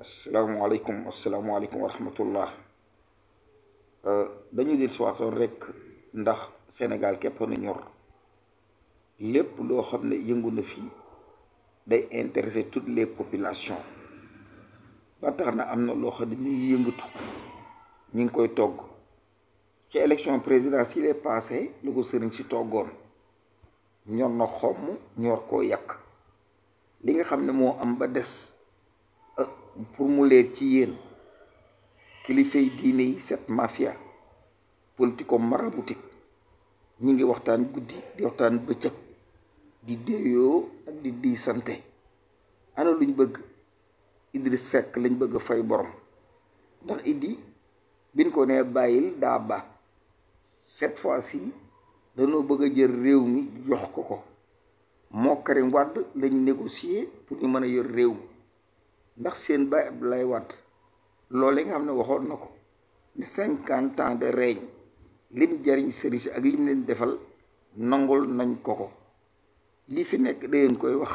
asalaamaaleykum asalaamaaleykum wa rahmatullah euh, dañu dir siwaatoon rek ndax Sénégal képp na ñor lépp loo xam ne yëngu na fii day intéresser toutes les populations ba tax am na loo xam ne ñu ngi yëngatu ñu ngi koy togg ci élection présidentielle yi passé lu ko sëriñ si toggoon ñor na xomm wax koo yàq li nga xam ne moo am ba des pour mu leer ci yéen kilifay diine yi cette mafia mara maraboutique ñu ngi waxtaan guddi di waxtaan bëccëg di déeyoo ak di di sante ana luñ bëgg Idriss Seck lañ bëgg fay borom ndax Idi biñ ko nee bàyyil daa ba cette fois-ci dañoo bëgg a jël réew mi jox ko ko moo Karim Wade lañ négocier pour ñu mën a yor réew mi ndax seen baay Abdoulaye Wade loolu nga xam ne waxoon na ko ne cinquante ans de règne jariñ sëriñ si ak li leen defal nangul nañ ko ko li fi nekk da koy wax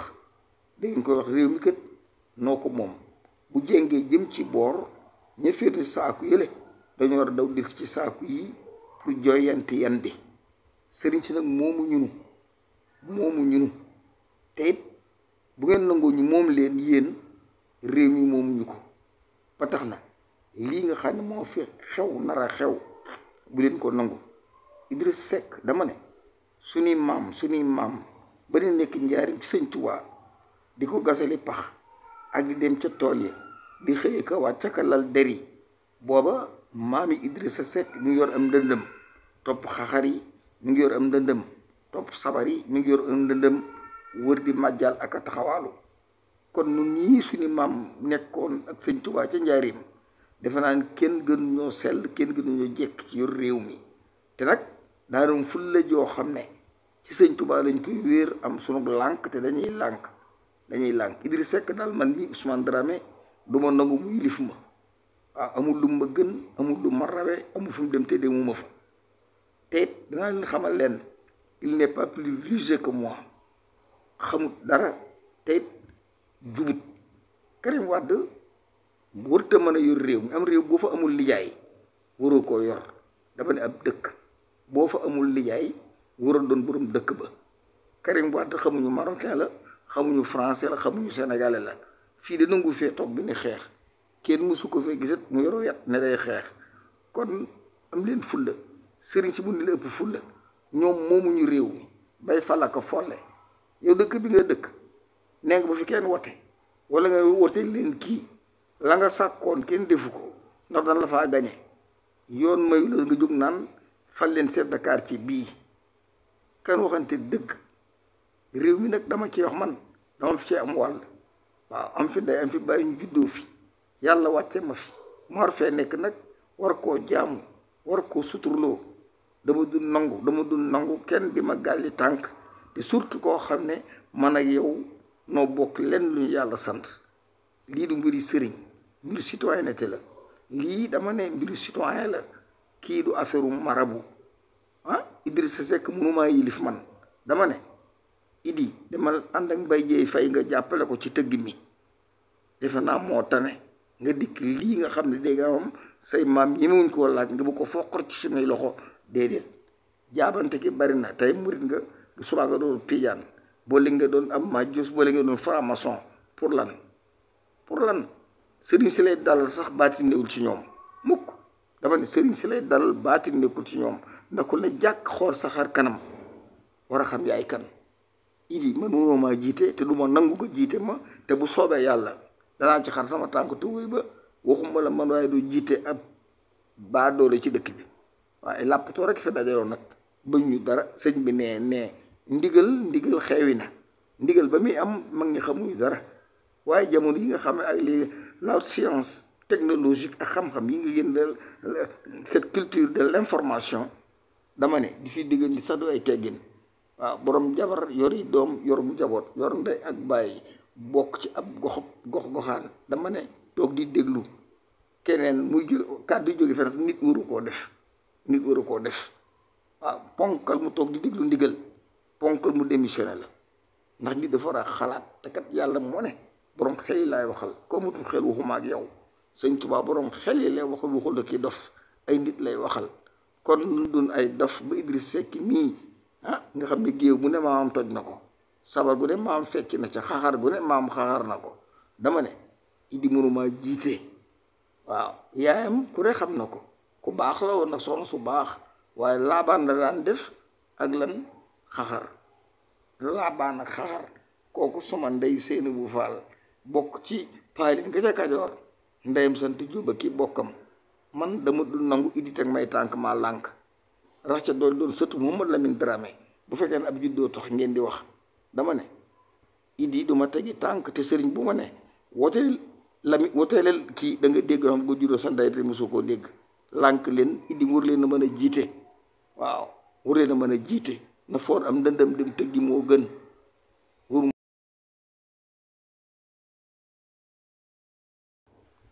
da ngeen koy wax réew mi kët noo ko moom bu jéngee jëm ci boor ña féete saaku yële dañu war a daw dis ci saaku yi pour jooyanti yen bi sëriñ si nag moomu ñunu moomu ñunu te bu ngeen nangoo ñu moom leen yéen réew mi moomuñu ko ba tax na lii nga xam ne moo fi xew nar a xew bu leen ko nangu Idriss Seck dama ne suñuy maam suñuy maam ba di nekk njaarim ci di ko gasali pax ak di dem ca tool yi di xëye ka wàcc ca lal der yi booba maam maami Idrissa Seck mu ngi yor am ndëndëm topp xaxar yi mu ngi yor am ndëndam topp sabar yi mi ngi yor am ndëndëm wër di màjjal ak a taxawaalu kon nun ñii suñu maam nekkoon ak sëñ tubaa ca njaarim defe naa kenn gënu ñoo sell kenn gënu ñoo jekk ci yor réew mi te nag daa fulla joo xam ne ci sëñ Tuubaa lañ koy wéer am sunu lànk te dañuy lànk dañuy lànk Idrissa Seck daal man mi Ousmane Dramé du ma nangu mu yilif ma waaw ah, amul lu ma gën amul lu ma rawe amul fu mu dem te demuma fa te it danaa leen xamal leen il n'est pas plus rusé que moi xamut dara te it jubut Karim Wade warta mën a yor réew mi am réew boo fa amul lijaay waroo koo yor dama ne ab dëkk boo fa amul lijaay war doon borom dëkk ba Karim Wade xamuñu marocain la xamuñu français la xamuñu sénégalais la fii de nangu fee toog bi ni xeex kenn mësu ko fee gisat mu yoru yat ne day xeex kon am leen fulla sëriñ si bu ni la ëpp fulla ñoom moomuñu réew mi bay fala ko yow dëkk bi nga dëkk nee nga fi kenn wote wala nga wote leen kii la nga sàkkoon kenn defu ko ndax dana la faa gañe yoon mayu la nga jóg naan fal leen chef de quartier bii kenn waxante dëgg réew mi nag dama ci wax man dama fi ci am wàll waaw am fi ndey am fi bàyyi ñu juddoo fi yàlla wàcce ma fi ma war fee nekk nag war koo jaamu war koo suturloo dama dul nangu dama du nangu kenn di ma gàlli tànk te surtout koo xam ne man ak yow noo bokk lenn lu ñu yàlla sant lii du mbiri sëriñ mbiru citoyenneté la lii dama ne mbiru citoyen la kii du affaire marabu ah Idrissa Seck mënumaa yilif man dama ne Idi demal ànd ak Mbaye Dièye nga jàppale ko ci tëgg mi defe naa moo tane nga dikk lii nga xam ne dégg nga am say maam ñemewuñ koo laaj nga bu ko foqor ci sunuy loxo déedéet jaabante gi bari na tey murit nga suba nga doon tijaan boo boole nga doon am majus boole nga doon franc-maçon pour lan pour lan sëriñ si lay dalal sax baati néewul ci ñoom mukk dama sëriñ si lay dalal baati ci ñoom ndax ku ne jàkk xool sa xar kanam war a xam yaay kan idi man mënoo maa jiite te du ma nangu ko jiite ma te bu soobee yàlla danaa ci xar sama tànk tuwuy ba waxuma la man waaye du jiite ab baa doole ci dëkk bi waaye làppatoo rek fi dajaloo nag bañ ñu dara sëñ bi nee nee ndigal ndigal xewi na ndigal ba muy am mag ñi xamuñu dara waaye jamono yi nga xam ne ak léegi la science technologique ak xam-xam yi nga gën de cette culture de l'information dama ne di fi diggan di sax du ay teggin waaw boroom jabar yori doom yorum njaboot yor ndey ak bàyyi bokk ci ab gox gox goxaan dama ne toog di déglu keneen muy jóg kàddu jóge fenn nit waru koo def nit waru koo def waaw ponkal mu toog di déglu ndigal ponkal mu démissionné la ndax nit dafa war a xalaat te kat yàlla moo ne borom xel yi laay waxal ko mutul xel waxuma ak yow sëñ Tuubaa borom xel yi lay waxal waxul ki dof ay nit lay waxal kon ñu doon ay dof ba Idriss Seck mii ah, nga xam ne géew bu ne maam toj na ko sabar gu ne maam fekki na ca xaxar gu ne maam xaxar na ko dama ne di mënuma jiite waaw yaayam ku ne xam na ko ku baax la woon nag soxna su baax waaye laabaan la daan def ak lan xaxar laabaan ak xaxar kooku sama ndey seeni bu faal bokk ci paalin nga ca kajoor ndeyam sant jóoba ki bokkam man dama dul nangu iddi teg may tànk maa lànk rax ca doon doon sëtu Mouhamadou Lamine Dramé bu fekkee ne ab juddoo tax ngeen di wax dama ne iddi duma tegi tànk te sëriñ bu ma ne wooteel lami wooteeleel kii danga nga dégg xam nga sa ndey te mosoo koo dégg lànk leen iddi wër leen a mën a jiite waaw wër leen a mën a jiite na foor am ndëndëm dem tëggi moo gën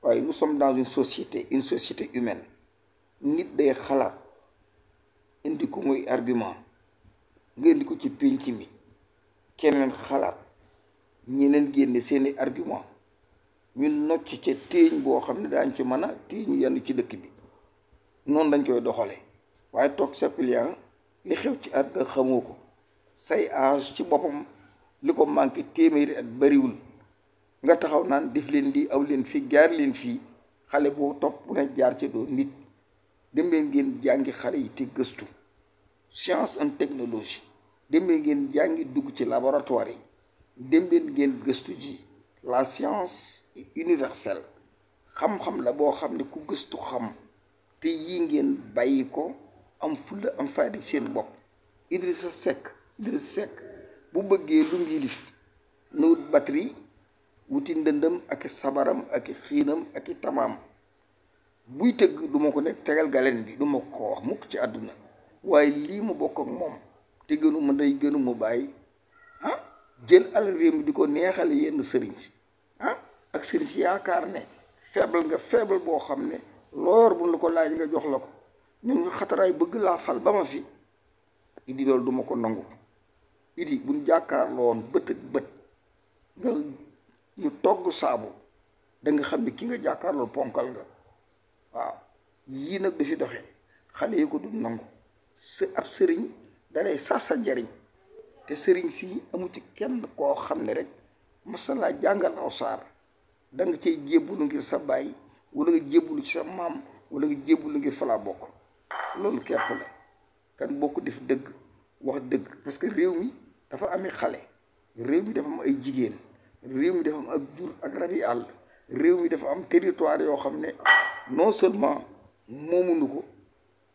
waaye nous sommes dans une société une société humaine nit day xalaat indi ko muy argument nga indi ko ci pénc mi keneen xalaat ñeneen génne seeni argument ñu nocc ca téeñ boo xam ne daañ ci mën a téeñu yenn ci dëkk bi noon dañ koy doxale waaye toog sa client li xew ci àdduna xamoo ko say âge ci boppam li ko manqué téeméeri at bariwul nga taxaw naan def leen lii aw leen fii gaar leen fii xale boo topp bu ne jaar ci doo nit dem leen ngeen jàngi xale yi te gëstu science en technologie dem leen ngeen jàngi dugg ci laboratoire yi dem leen ngeen gëstu ji la science universelle xam-xam la boo xam ne ku gëstu xam te yi ngeen bàyyi ko am fulla am fayda ci seen bopp Idrissa Seck Idrissa Seck bu bëggee lu mu na wut batterie wuti ndëndam ak sabaram ak xiinam ak tamaam buy tëgg duma ko ne tegal galen bi du ma ko wax mukk ci àdduna waaye lii mu bokk moom te gënu ma day gënu mu bàyyi ah jël alal réew di ko neexal yenn sëriñ si ah, ak sëriñ si yaakaar ne faible nga feebal boo xam ne loo bu la ko laaj nga jox la ko ñu ñu xataraay bëgg laa fal ba ma fi idi loolu duma ko nangu idi buñ jàkkaarloon bët ak bët nga ñu togg saabu danga xam ne ki nga jàkkaarlool ponkal nga waaw yii nag dafi doxe xale yi ko du nangu sa ab sëriñ dalay sasa njariñ te sëriñ si amu ci kenn koo xam ne rek masala jàngal aw saar da nga cay jébbulu ngir sa baay wala nga jébbulu ci sa maam wala nga jébbulu ngir falaa bokk loolu képp kan boo ko def dëgg wax dëgg parce que réew mi dafa ami xale réew mi dafa am ay jigéen réew mi dafa am ak jur ak rabi àll réew mi dafa am territoire yoo xam ne non seulement moomuñu ko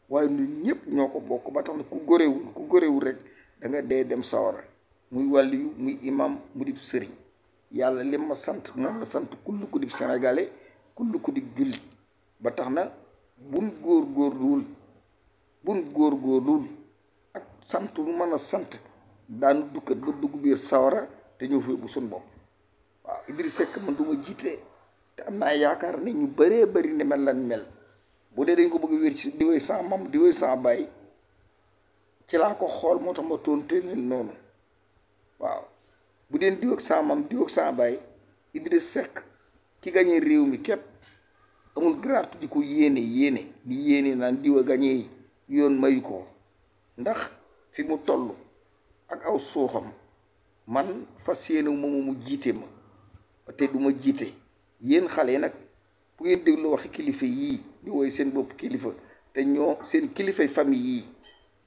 waaye ñun ñëpp ñoo ko bokk ba tax na ku góorewul ku góorewul rek danga nga dee dem sawara muy wàlliyu muy imam mu dib sëriñ yàlla li ma sant moom la sant kull ku dib sénégalais kull ku dib jullit ba tax na bun góor góorluwul bun góorgóorlul ak sant lu mën a sant daanu dukkat ba dugg sawara te ñëw fi bu sun bopp waaw Idriss jiite te am naa yaakaar ne ñu bëree bëri ne mel lan mel bu dee dañ ko bëgg wér ci di woy sans mam di ci laa ko xool moo tax ma tonte leen noonu waaw bu deen diw ak sans mam diw ak sans ki gañee réew mi képp amul gratu di ko yéene yéene di yéene naan diw a yoon mayu ko ndax fi mu toll ak aw suuxam man fas yéene ma mu jiite ma te du ma jiite yéen xale yi nag bu ngeen déglu waxi kilifa yii di woy seen bopp kilifa te ñoo seen kilifay famille yii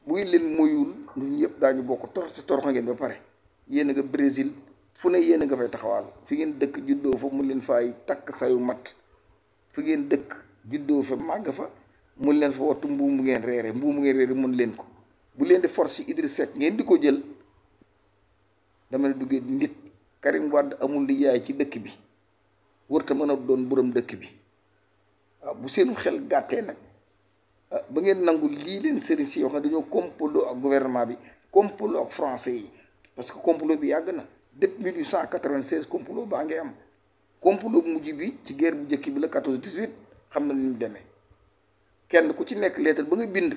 buy leen moyul ñun ñëpp daañu bokk torox te torox ngeen ba pare yéen a nga Brésil fu ne yéen a nga fay taxawaal fi ngeen dëkk juddoo fa mu leen fay takk sayu mat fi ngeen dëkk juddoo fa màgg fa mun leen fa wattu mbuum bu ngeen reere mbuum bu ngeen reere mun leen ko bu leen di force yi Idriss Seck ngeen di ko jël dama ne duggee nit Karim Wade amul li ci dëkk bi wërta mën a doon borom dëkk bi ah, bu seenu xel gàttee nag ah, ba ngeen nangu lii leen sëriñ si dañoo complot ak gouvernement bi complot ak français yi parce que complot bi yàgg na depuis 1896 complot baa ngi am complot bu mujj bi ci geer bu njëkk bi la 14 18 xam na ni mu demee kenn ku ci nekk lettre ba nga bind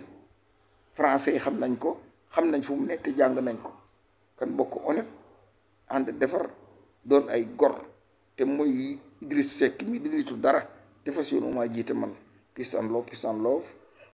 français yi xam nañ ko xam nañ fu mu nekk te jàng nañ ko kan bokk honnête ànd defar doon ay gor te mooy Idriss Seck mi di nitu dara te fas yéene maa jiite man peace and